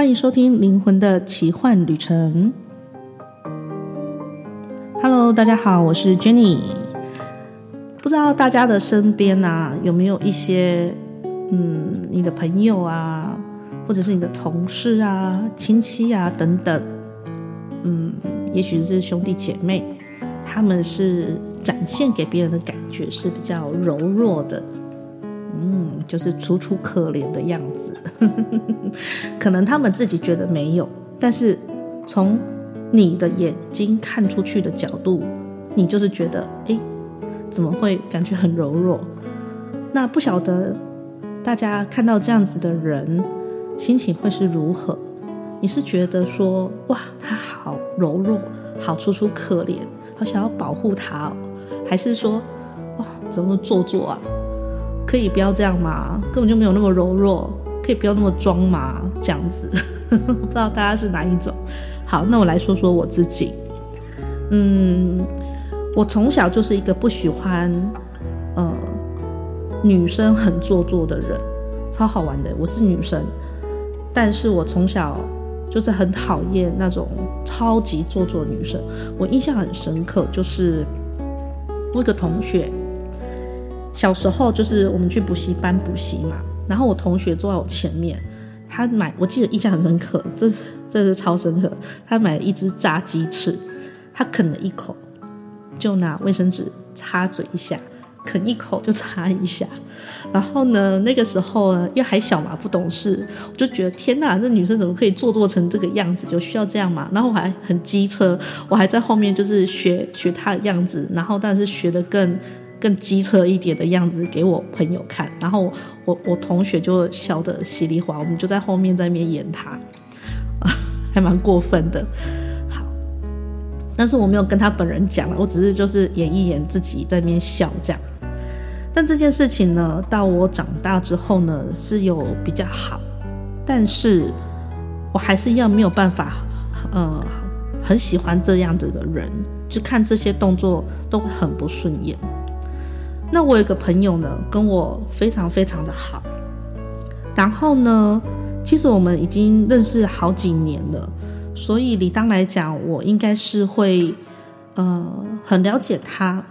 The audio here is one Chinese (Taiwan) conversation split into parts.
歡迎收聽《靈魂的奇幻旅程》。Hello，大家好，我是 Jannie。不知道大家的身邊啊，有沒有一些嗯，你的朋友啊，或者是你的同事啊、親戚啊等等，嗯，也許是兄弟姐妹，他們是展現給別人的感覺是比較柔弱的。嗯，就是楚楚可憐的樣子， 可能他們自己覺得沒有，但是從你的眼睛看出去的角度，你就是覺得，哎、欸，怎麼會感覺很柔弱？那不曉得大家看到這樣子的人，心情會是如何？你是覺得說，哇，他好柔弱，好楚楚可憐，好想要保護他，哦，還是說，哦，怎麼做作啊？可以不要這樣嘛？根本就沒有那麼柔弱，可以不要那麼裝嘛？這樣子， 不知道大家是哪一種。好，那我來說說我自己。嗯，我從小就是一個不喜歡呃女生很做作的人，超好玩的。我是女生，但是我從小就是很討厭那種超級做作女生。我印象很深刻，就是我一個同學。小時候就是我們去補習班補習嘛，然後我同學坐在我前面，他買我記得印象很深刻，這這是超深刻。他買了一隻炸雞翅，他啃了一口，就拿衛生紙擦嘴一下，啃一口就擦一下。然後呢，那個時候因為還小嘛，不懂事，我就覺得天哪，這女生怎麼可以做作成這個樣子？就需要這樣嘛？然後我還很機車，我還在後面就是學學她的樣子，然後但是學得更。更機車一點的樣子給我朋友看，然後我我同學就笑得稀里嘩啦，我們就在後面在那邊演他，啊，還蠻過分的。好，但是我沒有跟他本人講，我只是就是演一演自己在那邊笑這樣。但這件事情呢，到我長大之後呢，是有比較好，但是我還是一樣沒有辦法，呃，很喜歡這樣子的人，就看這些動作都很不順眼。那我有一個朋友呢，跟我非常非常的好。然後呢，其實我們已經認識好幾年了，所以理當來講，我應該是會呃很了解他。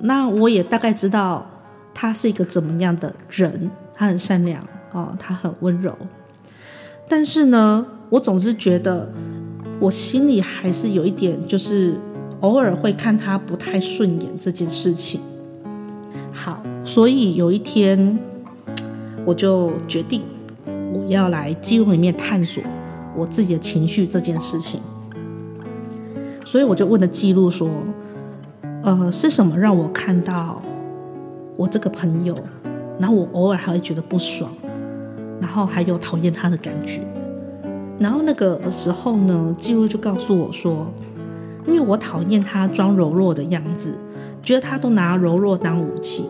那我也大概知道他是一個怎麼樣的人，他很善良哦，他很溫柔。但是呢，我總是覺得我心裡還是有一點，就是偶爾會看他不太順眼這件事情。好，所以有一天，我就決定我要來記錄裡面探索我自己的情緒這件事情。所以我就問了記錄說，呃，是什麼讓我看到我這個朋友，然後我偶爾還會覺得不爽，然後還有討厭他的感覺。然後那個時候呢，記錄就告訴我說。因為我討厭他裝柔弱的樣子，覺得他都拿柔弱當武器，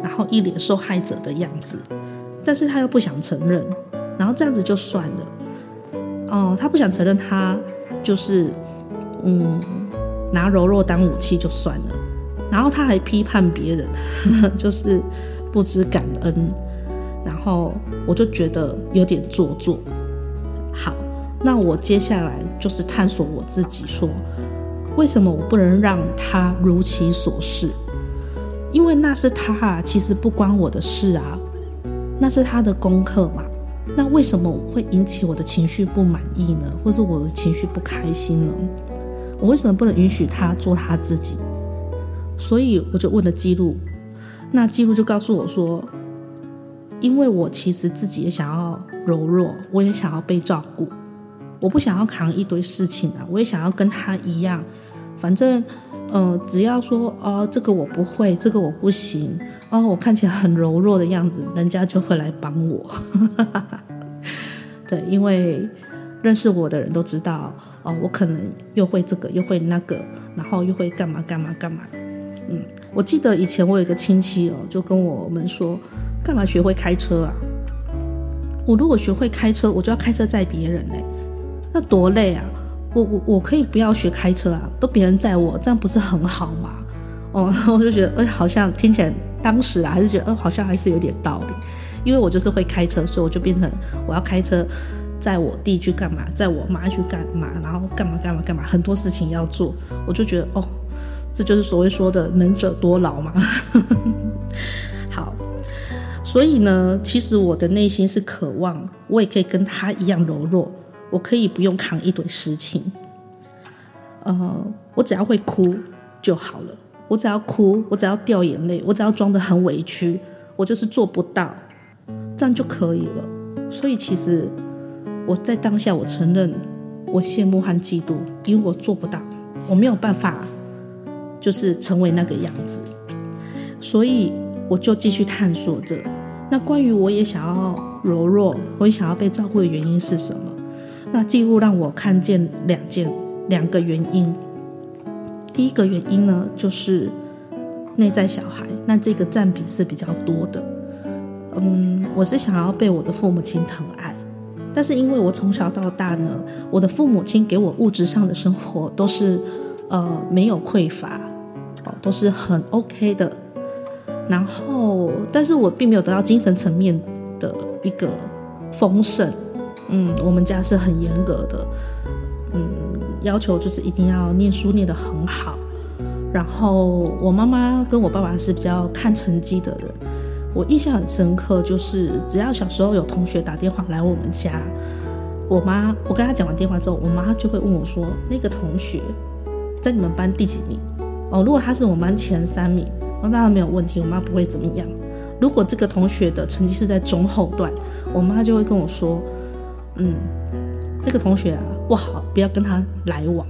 然後一臉受害者的樣子，但是他又不想承認，然後這樣子就算了。哦、呃，他不想承認他就是嗯拿柔弱當武器就算了，然後他還批判別人呵呵，就是不知感恩，然後我就覺得有點做作。好，那我接下來就是探索我自己說。為什麼我不能讓他如其所是？因為那是他啊，其實不關我的事啊，那是他的功課嘛。那為什麼會引起我的情緒不滿意呢？或是我的情緒不開心呢？我為什麼不能允許他做他自己？所以我就問了紀錄，那紀錄就告訴我說，因為我其實自己也想要柔弱，我也想要被照顧，我不想要扛一堆事情啊，我也想要跟他一樣。反正，呃，只要說哦，這個我不會，這個我不行，哦，我看起來很柔弱的樣子，人家就會來幫我。 對，因為認識我的人都知道，哦，我可能又會這個，又會那個，然後又會幹嘛幹嘛幹嘛。嗯，我記得以前我有一個親戚哦，就跟我們說，幹嘛學會開車啊？我如果學會開車，我就要開車載別人呢。那多累啊！我我我可以不要學開車啊，都別人載我，這樣不是很好嗎？哦，我就覺得，哎、欸，好像聽起來當時啊，還是覺得，哦、欸，好像還是有點道理。因為我就是會開車，所以我就變成我要開車載我弟去幹嘛，載我媽去幹嘛，然後幹嘛幹嘛幹嘛，很多事情要做，我就覺得哦，這就是所謂說的能者多勞嘛。 好，所以呢，其實我的內心是渴望，我也可以跟他一樣柔弱。我可以不用扛一堆事情，呃，我只要會哭就好了。我只要哭，我只要掉眼淚，我只要裝得很委屈，我就是做不到，這樣就可以了。所以其實我在當下，我承認我羨慕和嫉妒，因為我做不到，我沒有辦法就是成為那個樣子，所以我就繼續探索着。那關於我也想要柔弱，我也想要被照顧的原因是什麼？那記錄讓我看見兩件，兩個原因，第一個原因呢，就是內在小孩。那這個占比是比較多的。嗯，我是想要被我的父母親疼愛，但是因為我從小到大呢，我的父母親給我物質上的生活都是呃沒有匱乏哦，都是很 OK 的。然後，但是我並沒有得到精神層面的一個豐盛。嗯，我們家是很嚴格的，嗯，要求就是一定要念書念得很好。然後我媽媽跟我爸爸是比較看成績的人。我印象很深刻，就是只要小時候有同學打電話來我們家，我媽我跟她講完電話之後，我媽就會問我說：“那個同學在你們班第幾名？”哦，如果他是我們班前三名，哦，那當然沒有問題，我媽不會怎麼樣。如果這個同學的成績是在中後段，我媽就會跟我說。嗯，那個同學啊，不好，不要跟他來往，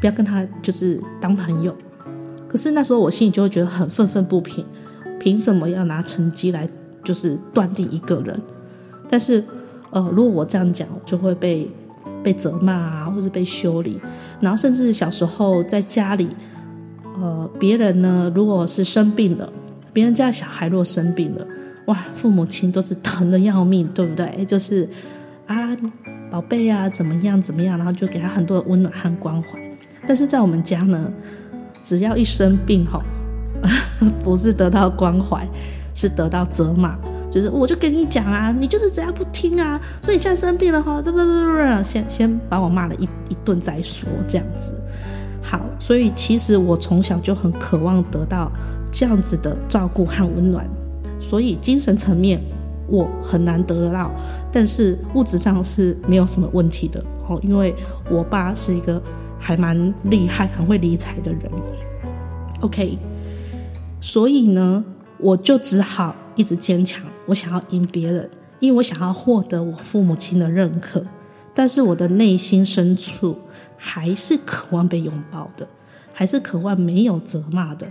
不要跟他就是當朋友。可是那時候我心裡就會覺得很憤憤不平，憑什麼要拿成績來就是斷定一個人？但是，呃，如果我這樣講，就會被被責罵啊，或者被修理。然後，甚至小時候在家裡，呃，別人呢，如果是生病了，別人家的小孩如果生病了，哇，父母親都是疼的要命，對不對？就是。啊，寶貝啊，怎麼樣怎麼樣？然後就給他很多的溫暖和關懷。但是在我們家呢，只要一生病吼，不是得到關懷，是得到責罵。就是我就跟你講啊，你就是這樣不聽啊，所以你現在生病了哈、哦，不不不，先先把我罵了一一頓再說，這樣子。好，所以其實我從小就很渴望得到這樣子的照顧和溫暖。所以精神層面。我很難得得到，但是物質上是沒有什麼問題的，哦，因為我爸是一個還蠻厲害、很會理財的人。OK，所以呢，我就只好一直堅強。我想要贏別人，因為我想要獲得我父母親的認可。但是我的內心深處還是渴望被擁抱的，還是渴望沒有責罵的，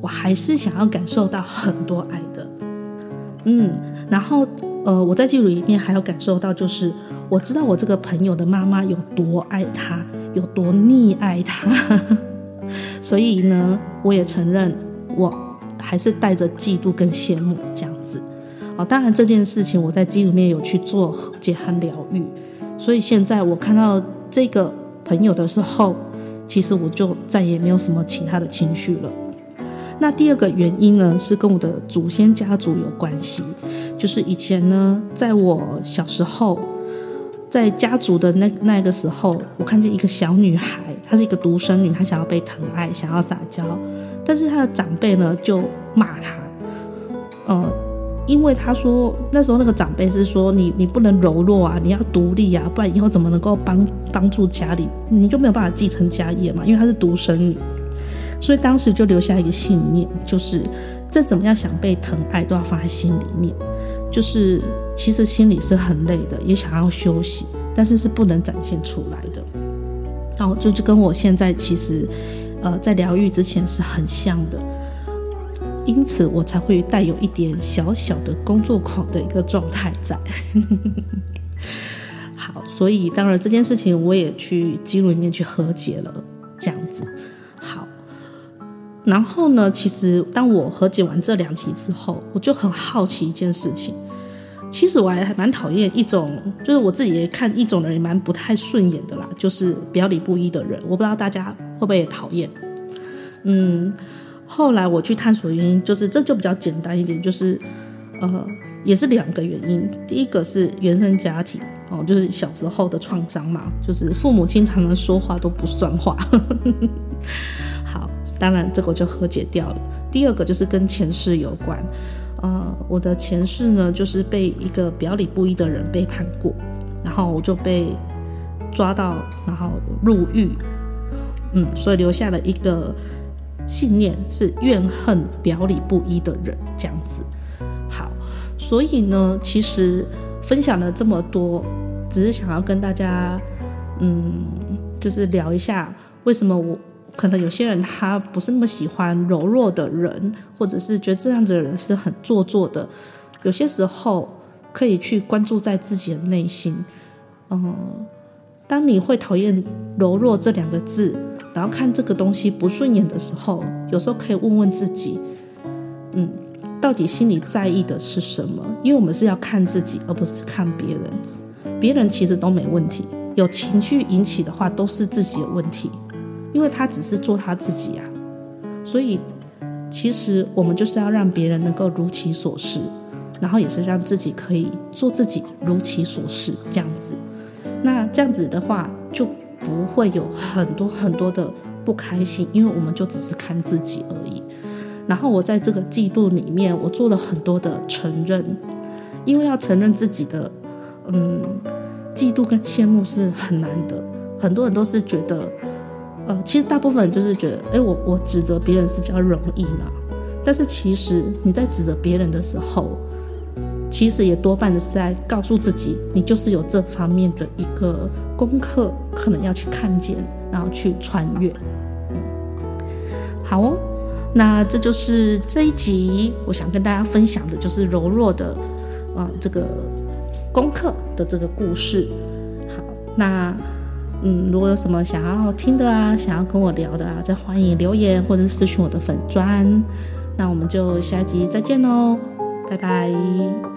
我還是想要感受到很多愛的。嗯，然後呃，我在記錄裡面還有感受到，就是我知道我這個朋友的媽媽有多愛他，有多溺愛他，所以呢，我也承認我還是帶着嫉妒跟羨慕這樣子。啊、哦，當然這件事情我在記錄裡面有去做和解和療癒，所以現在我看到這個朋友的時候，其實我就再也沒有什麼其他的情緒了。那第二個原因呢，是跟我的祖先家族有關係，就是以前呢，在我小時候，在家族的那那個時候，我看見一個小女孩，她是一個獨生女，她想要被疼愛，想要撒嬌，但是她的長輩呢就罵她，呃，因為她說那時候那個長輩是說，你你不能柔弱啊，你要獨立啊，不然以後怎麼能夠幫幫助家裡，你就沒有辦法繼承家業嘛，因為她是獨生女。所以當時就留下一個信念，就是再怎麼樣想被疼愛，都要放在心裡面。就是其實心裡是很累的，也想要休息，但是是不能展現出來的。然後就就跟我現在其實，呃，在療癒之前是很像的，因此我才會帶有一點小小的工作狂的一個狀態在。 好，所以當然這件事情我也去記錄裡面去和解了，這樣子。然後呢，其實當我和解完這兩題之後，我就很好奇一件事情。其實我還還蠻討厭一種，就是我自己也看一種人也蠻不太順眼的啦，就是表裡不一的人。我不知道大家會不會也討厭？嗯，後來我去探索原因，就是這就比較簡單一點，就是呃，也是兩個原因。第一個是原生家庭哦，就是小時候的創傷嘛，就是父母經常常說話都不算話。 當然，這個就和解掉了。第二個就是跟前世有關，呃，我的前世呢，就是被一個表裡不一的人背叛過，然後我就被抓到，然後入獄，嗯，所以留下了一個信念，是怨恨表裡不一的人，這樣子。好，所以呢，其實分享了這麼多，只是想要跟大家，嗯，就是聊一下為什麼我。可能有些人他不是那麼喜歡柔弱的人，或者是覺得這樣子的人是很做作的。有些時候可以去關注在自己的內心。嗯，當你會討厭柔弱這兩個字，然後看這個東西不順眼的時候，有時候可以問問自己，嗯，到底心裡在意的是什麼？因為我們是要看自己，而不是看別人。別人其實都沒問題，有情緒引起的話，都是自己的問題。因為他只是做他自己啊，所以其實我們就是要讓別人能夠如其所是，然後也是讓自己可以做自己如其所是這樣子。那這樣子的話就不會有很多很多的不開心，因為我們就只是看自己而已。然後我在這個嫉妒裡面，我做了很多的承認，因為要承認自己的嗯嫉妒跟羨慕是很難的，很多人都是覺得。呃，其實大部分人就是覺得，哎、欸，我我指責別人是比較容易嘛，但是其實你在指責別人的時候，其實也多半的是在告訴自己，你就是有這方面的一個功課，可能要去看見，然後去穿越。嗯、好、哦，那這就是這一集我想跟大家分享的就是柔弱的，啊、呃，這個功課的這個故事。好，那。嗯，如果有什麼想要聽的啊，想要跟我聊的啊，再歡迎留言或者私信我的粉專。那我們就下一集再見嘍，拜拜。